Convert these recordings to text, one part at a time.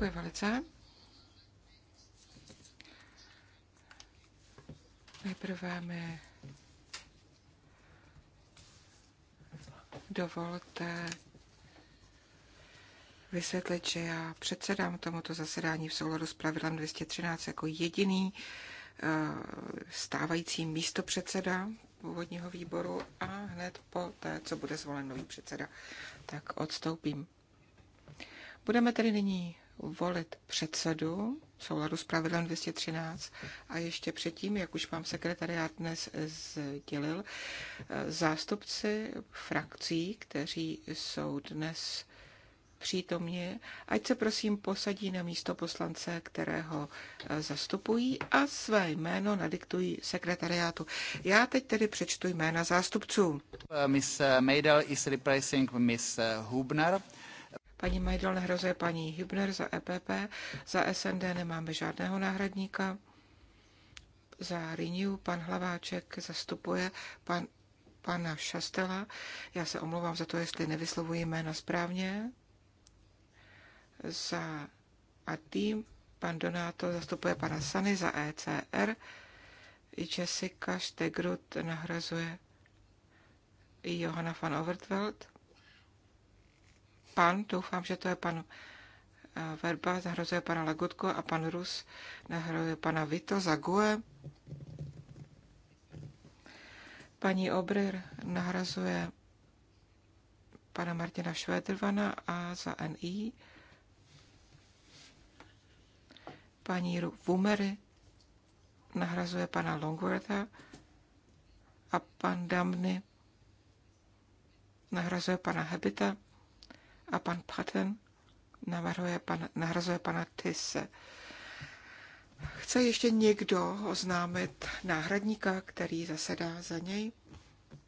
Děkuji velice. Nejprve mi dovolte vysvětlit, že já předsedám tomuto zasedání v souladu s pravidlem 213 jako jediný eh, stávající místopředseda původního výboru a hned po té, co bude zvolen nový předseda, tak odstoupím. Budeme tedy nyní volit předsedu v souladu s pravidlem 213 a ještě předtím, jak už vám sekretariát dnes sdělil, zástupci frakcí, kteří jsou dnes přítomně, ať se prosím posadí na místo poslance, kterého eh, zastupují a své jméno nadiktují sekretariátu. Já teď tedy přečtu jména zástupců. Miss Meidel is replacing Miss Hubner paní Majdal nahrazuje paní Hübner za EPP, za SND nemáme žádného náhradníka, za Renew pan Hlaváček zastupuje pan, pana Šastela. Já se omlouvám za to, jestli nevyslovuji jména správně. Za a tým pan Donato zastupuje pana Sany za ECR. I Jessica Stegrud nahrazuje Johana van Overtveld pan, doufám, že to je pan eh, Verba, zahrazuje pana Lagutko a pan Rus nahrazuje pana Vito Zague. Paní Obrir nahrazuje pana Martina Švédrvana a za NI. Paní Vumery nahrazuje pana Longwortha a pan Damny nahrazuje pana Hebita a pan Patten navrhuje pan, nahrazuje pana Tise. Chce ještě někdo oznámit náhradníka, který zasedá za něj?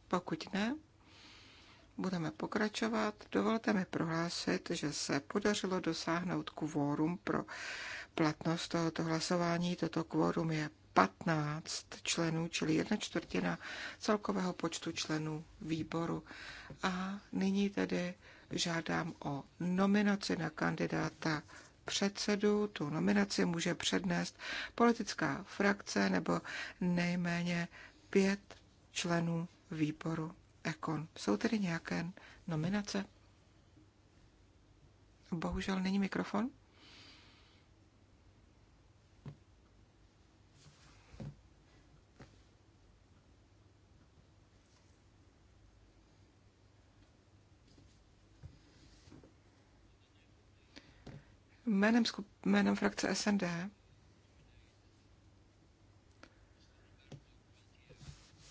Pokud ne, budeme pokračovat. Dovolte mi prohlásit, že se podařilo dosáhnout kvórum pro platnost tohoto hlasování. Toto kvórum je 15 členů, čili jedna čtvrtina celkového počtu členů výboru. A nyní tedy žádám o nominaci na kandidáta předsedu. Tu nominaci může přednést politická frakce nebo nejméně pět členů výboru Ekon. Jsou tedy nějaké nominace? Bohužel není mikrofon. Jménem, skup, jménem frakce SND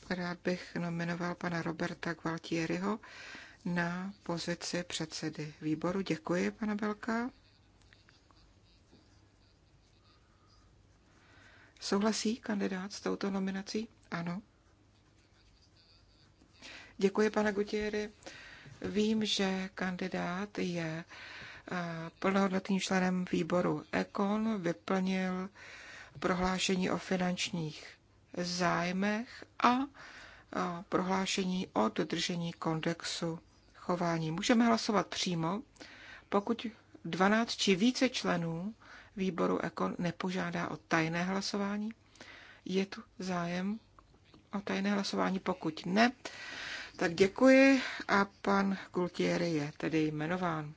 rád bych nominoval pana Roberta Gualtieriho na pozici předsedy výboru. Děkuji, pana Belka. Souhlasí kandidát s touto nominací? Ano. Děkuji, pane Gutieri. Vím, že kandidát je plnohodnotným členem výboru Ekon, vyplnil prohlášení o finančních zájmech a prohlášení o dodržení kondexu chování. Můžeme hlasovat přímo, pokud 12 či více členů výboru Ekon nepožádá o tajné hlasování. Je tu zájem o tajné hlasování, pokud ne, tak děkuji a pan Gultieri je tedy jmenován.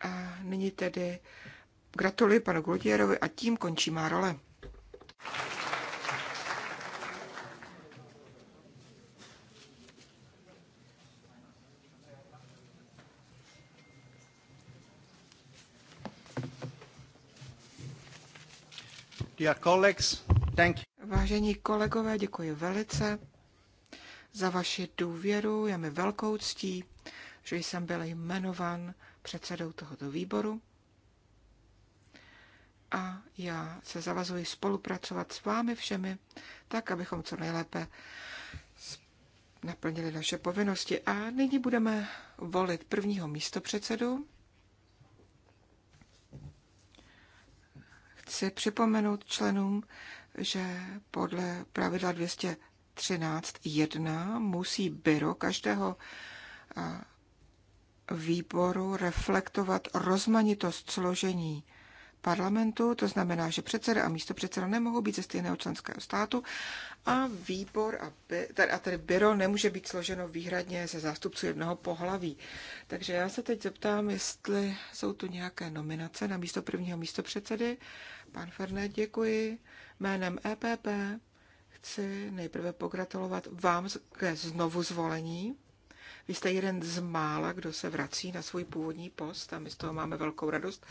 A nyní tedy gratuluji panu Glodierovi a tím končí má role. Dear colleagues, thank you. Vážení kolegové, děkuji velice za vaši důvěru, je mi velkou ctí že jsem byl jmenován předsedou tohoto výboru a já se zavazuji spolupracovat s vámi všemi, tak abychom co nejlépe naplnili naše povinnosti. A nyní budeme volit prvního místopředsedu. Chci připomenout členům, že podle pravidla 213.1 musí byro každého výboru reflektovat rozmanitost složení parlamentu, to znamená, že předseda a místopředseda nemohou být ze stejného členského státu a výbor a, by, a tedy byro nemůže být složeno výhradně ze zástupců jednoho pohlaví. Takže já se teď zeptám, jestli jsou tu nějaké nominace na místo prvního místopředsedy. Pan Ferné, děkuji. Jménem EPP chci nejprve pogratulovat vám ke znovu zvolení. Vy jste jeden z mála, kdo se vrací na svůj původní post a my z toho máme velkou radost.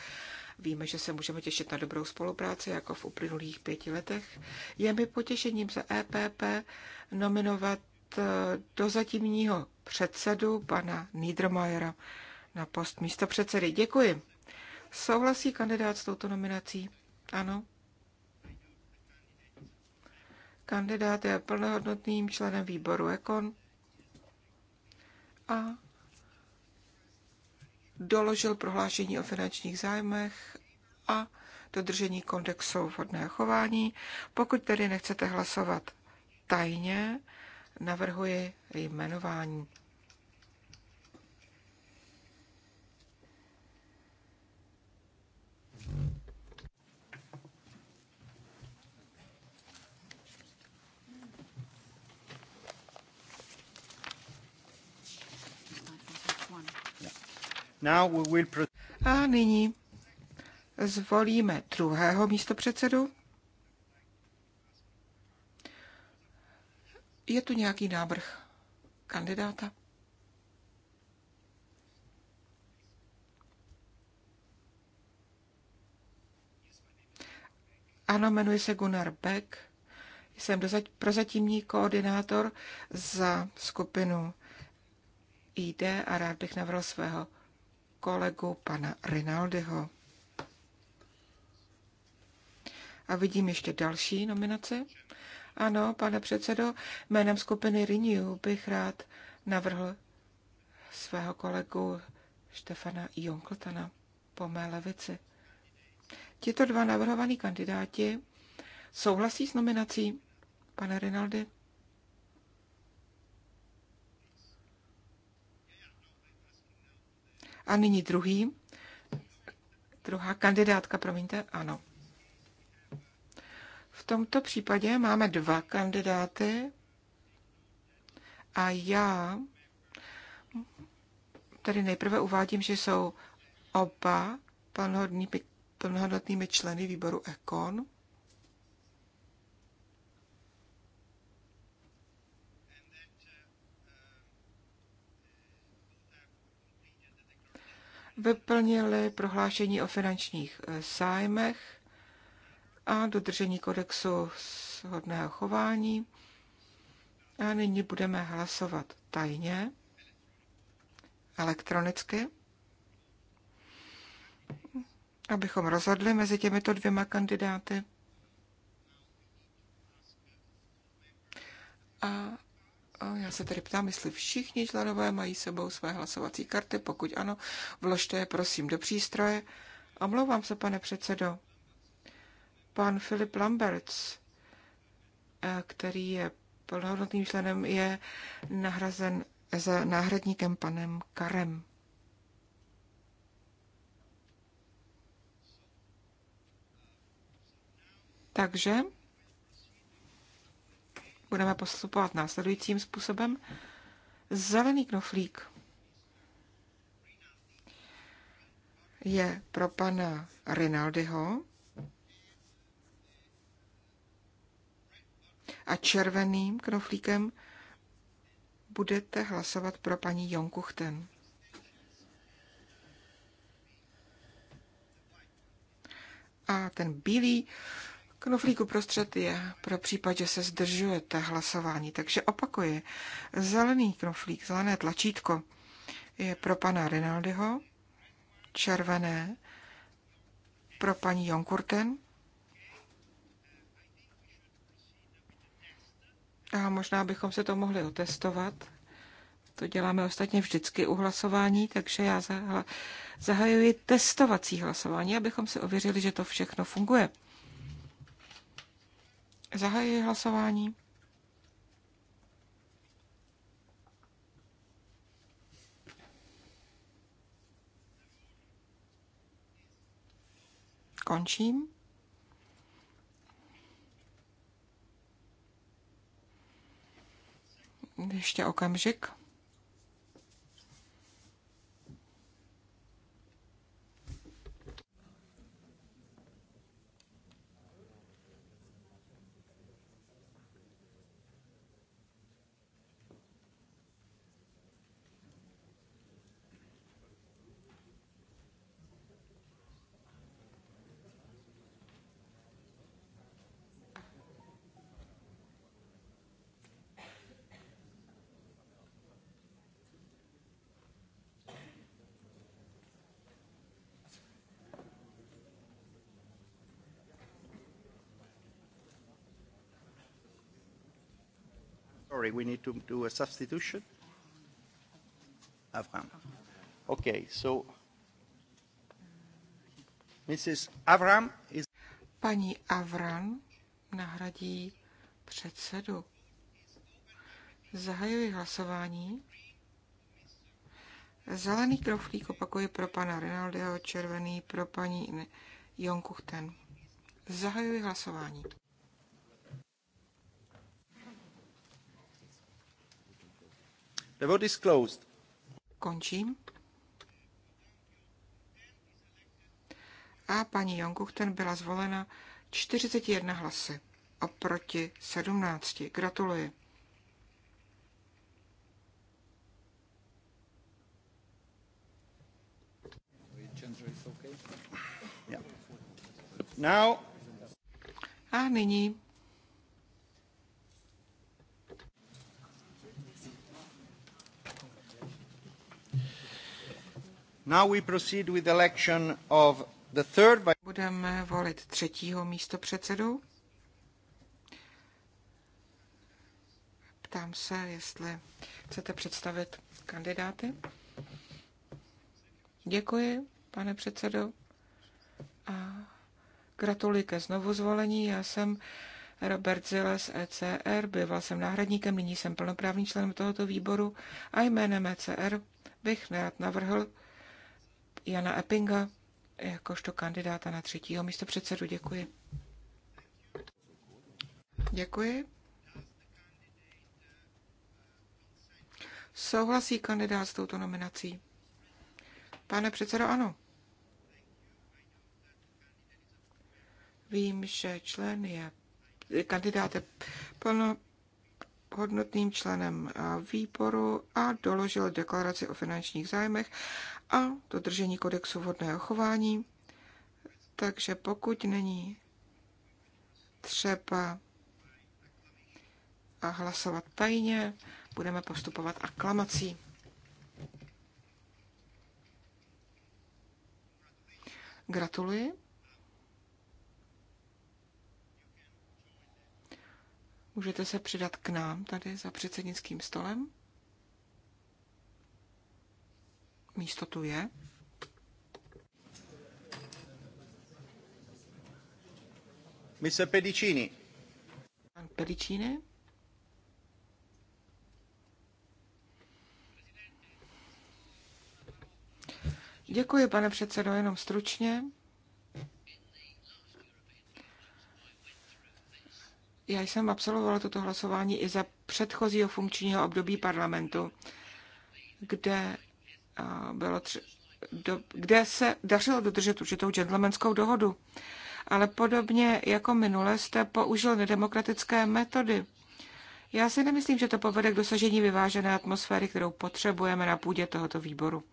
Víme, že se můžeme těšit na dobrou spolupráci, jako v uplynulých pěti letech. Je mi potěšením za EPP nominovat eh, do zatímního předsedu, pana Niedermayera, na post místo předsedy. Děkuji. Souhlasí kandidát s touto nominací? Ano. Kandidát je plnohodnotným členem výboru EKON a doložil prohlášení o finančních zájmech a dodržení kodexu vhodného chování. Pokud tedy nechcete hlasovat tajně, navrhuji jmenování. A nyní zvolíme druhého místopředsedu. Je tu nějaký návrh kandidáta? Ano, jmenuji se Gunnar Beck. Jsem dozať, prozatímní koordinátor za skupinu ID a rád bych navrhl svého kolegu pana Rinaldiho. A vidím ještě další nominace. Ano, pane předsedo, jménem skupiny Renew bych rád navrhl svého kolegu Štefana Jonkltana po mé levici. Tito dva navrhovaní kandidáti souhlasí s nominací, pane Rinaldi? A nyní druhý, druhá kandidátka, promiňte, ano. V tomto případě máme dva kandidáty a já tady nejprve uvádím, že jsou oba plnohodnými členy výboru EKON. vyplnili prohlášení o finančních zájmech e, a dodržení kodexu shodného chování. A nyní budeme hlasovat tajně, elektronicky, abychom rozhodli mezi těmito dvěma kandidáty. A já se tedy ptám, jestli všichni členové mají sebou své hlasovací karty. Pokud ano, vložte je prosím do přístroje. Omlouvám se, pane předsedo. Pan Filip Lamberts, eh, který je plnohodnotným členem, je nahrazen za náhradníkem panem Karem. Takže budeme postupovat následujícím způsobem. Zelený knoflík je pro pana Rinaldiho a červeným knoflíkem budete hlasovat pro paní Jonkuchten. A ten bílý Knoflík uprostřed je pro případ, že se zdržujete hlasování. Takže opakuji, zelený knoflík, zelené tlačítko je pro pana Rinaldiho, červené pro paní Jonkurten. A možná bychom se to mohli otestovat. To děláme ostatně vždycky u hlasování, takže já zahajuji testovací hlasování, abychom si ověřili, že to všechno funguje. Zahajuji hlasování. Končím. Ještě okamžik. Sorry, we need to do a substitution. Avram. Okay, so Mrs. Avram is... Paní Avram nahradí předsedu. Zahajuji hlasování. Zelený kroflík opakuje pro pana Rinaldiho, červený pro paní Jonkuchten. Zahajuji hlasování. Končím. A paní Jonguchten byla zvolena 41 hlasy oproti 17. Gratuluji. Now. A nyní Budeme volit třetího místo předsedu. Ptám se, jestli chcete představit kandidáty. Děkuji, pane předsedo. A gratuluji ke zvolení. Já jsem Robert Zila z ECR, býval jsem náhradníkem, nyní jsem plnoprávný člen tohoto výboru a jménem ECR bych rád navrhl Jana Eppinga jakožto kandidáta na třetího místo předsedu. Děkuji. Děkuji. Souhlasí kandidát s touto nominací? Pane předsedo, ano. Vím, že člen je kandidát je plno, hodnotným členem eh, výboru a doložil deklaraci o finančních zájmech a dodržení kodexu vhodného chování. Takže pokud není třeba a hlasovat tajně, budeme postupovat aklamací. Gratuluji. Můžete se přidat k nám tady za předsednickým stolem. Místo tu je. Mise Pedicini. Pan Pedicini. Děkuji, pane předsedo, jenom stručně. Já jsem absolvovala toto hlasování i za předchozího funkčního období parlamentu, kde, bylo tři, do, kde se dařilo dodržet určitou gentlemanskou dohodu. Ale podobně jako minule jste použil nedemokratické metody. Já si nemyslím, že to povede k dosažení vyvážené atmosféry, kterou potřebujeme na půdě tohoto výboru.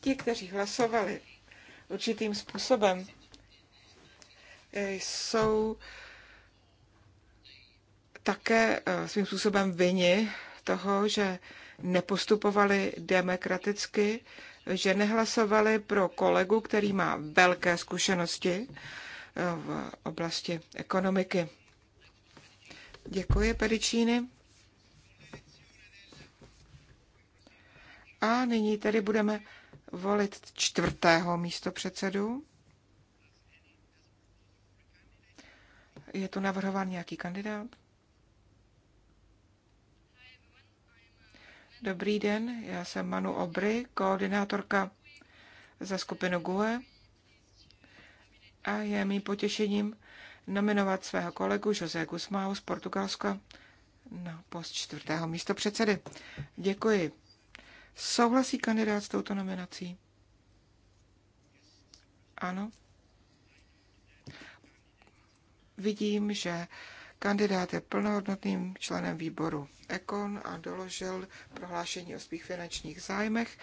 Ti, kteří hlasovali určitým způsobem, jsou také eh, svým způsobem vini toho, že nepostupovali demokraticky, že nehlasovali pro kolegu, který má velké zkušenosti eh, v oblasti ekonomiky. Děkuji, Pedičíny. A nyní tedy budeme volit čtvrtého místo předsedu. Je tu navrhován nějaký kandidát? Dobrý den, já jsem Manu Obry, koordinátorka za skupinu GUE a je mým potěšením nominovat svého kolegu José Gusmao z Portugalska na post čtvrtého místo předsedy. Děkuji. Souhlasí kandidát s touto nominací? Ano vidím, že kandidát je plnohodnotným členem výboru Ekon a doložil prohlášení o svých finančních zájmech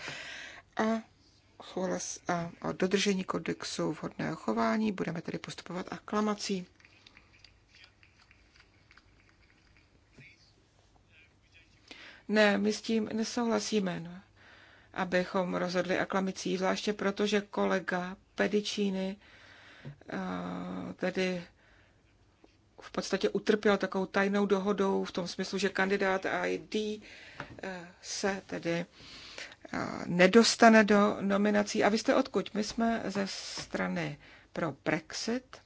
a a o dodržení kodexu vhodného chování. Budeme tedy postupovat aklamací. Ne, my s tím nesouhlasíme, no, abychom rozhodli aklamicí, zvláště proto, že kolega Pedicini eh, tedy v podstatě utrpěl takovou tajnou dohodou v tom smyslu, že kandidát ID eh, se tedy eh, nedostane do nominací. A vy jste odkud? My jsme ze strany pro Brexit.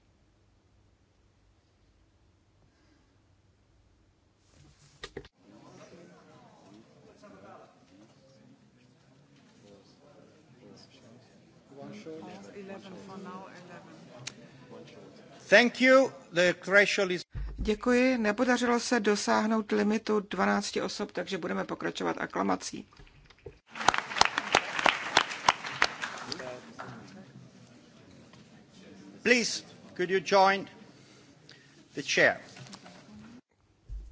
11 for now, 11. One Thank you. The threshold is... Děkuji. Nepodařilo se dosáhnout limitu 12 osob, takže budeme pokračovat aklamací. Please, could you join the chair?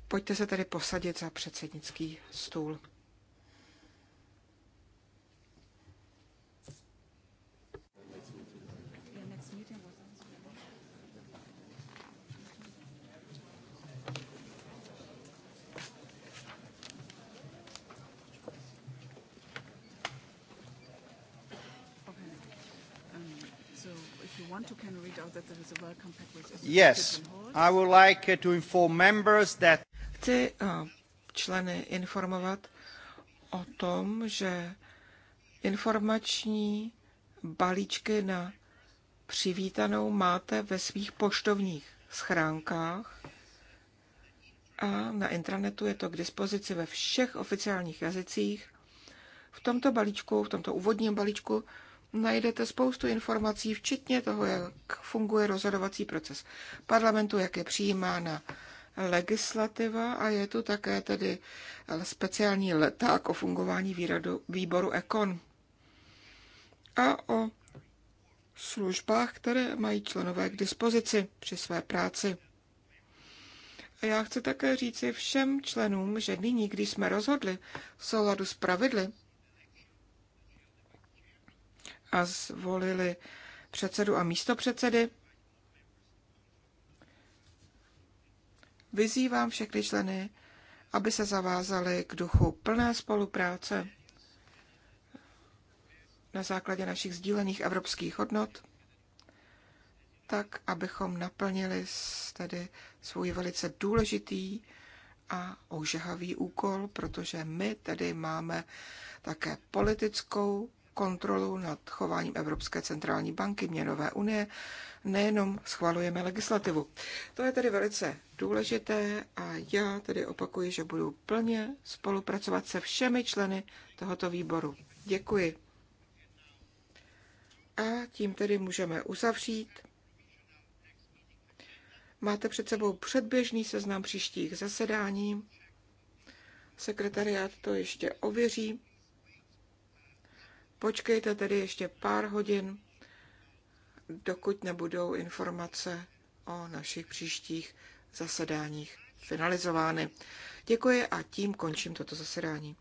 Pojďte se tedy posadit za předsednický stůl. Yes, I would like uh, to inform members that... Chci uh, členy informovat o tom, že informační balíčky na přivítanou máte ve svých poštovních schránkách a na intranetu je to k dispozici ve všech oficiálních jazycích. V tomto balíčku, v tomto úvodním balíčku najdete spoustu informací, včetně toho, jak funguje rozhodovací proces parlamentu, jak je přijímána legislativa a je tu také tedy speciální leták o fungování výradu, výboru EKON a o službách, které mají členové k dispozici při své práci. A já chci také říci všem členům, že nyní, když jsme rozhodli v souladu s pravidly, a zvolili předsedu a místopředsedy. Vyzývám všechny členy, aby se zavázali k duchu plné spolupráce na základě našich sdílených evropských hodnot, tak, abychom naplnili tedy svůj velice důležitý a ožahavý úkol, protože my tedy máme také politickou kontrolu nad chováním Evropské centrální banky měnové unie, nejenom schvalujeme legislativu. To je tedy velice důležité a já tedy opakuji, že budu plně spolupracovat se všemi členy tohoto výboru. Děkuji. A tím tedy můžeme uzavřít. Máte před sebou předběžný seznam příštích zasedání. Sekretariát to ještě ověří. Počkejte tedy ještě pár hodin, dokud nebudou informace o našich příštích zasedáních finalizovány. Děkuji a tím končím toto zasedání.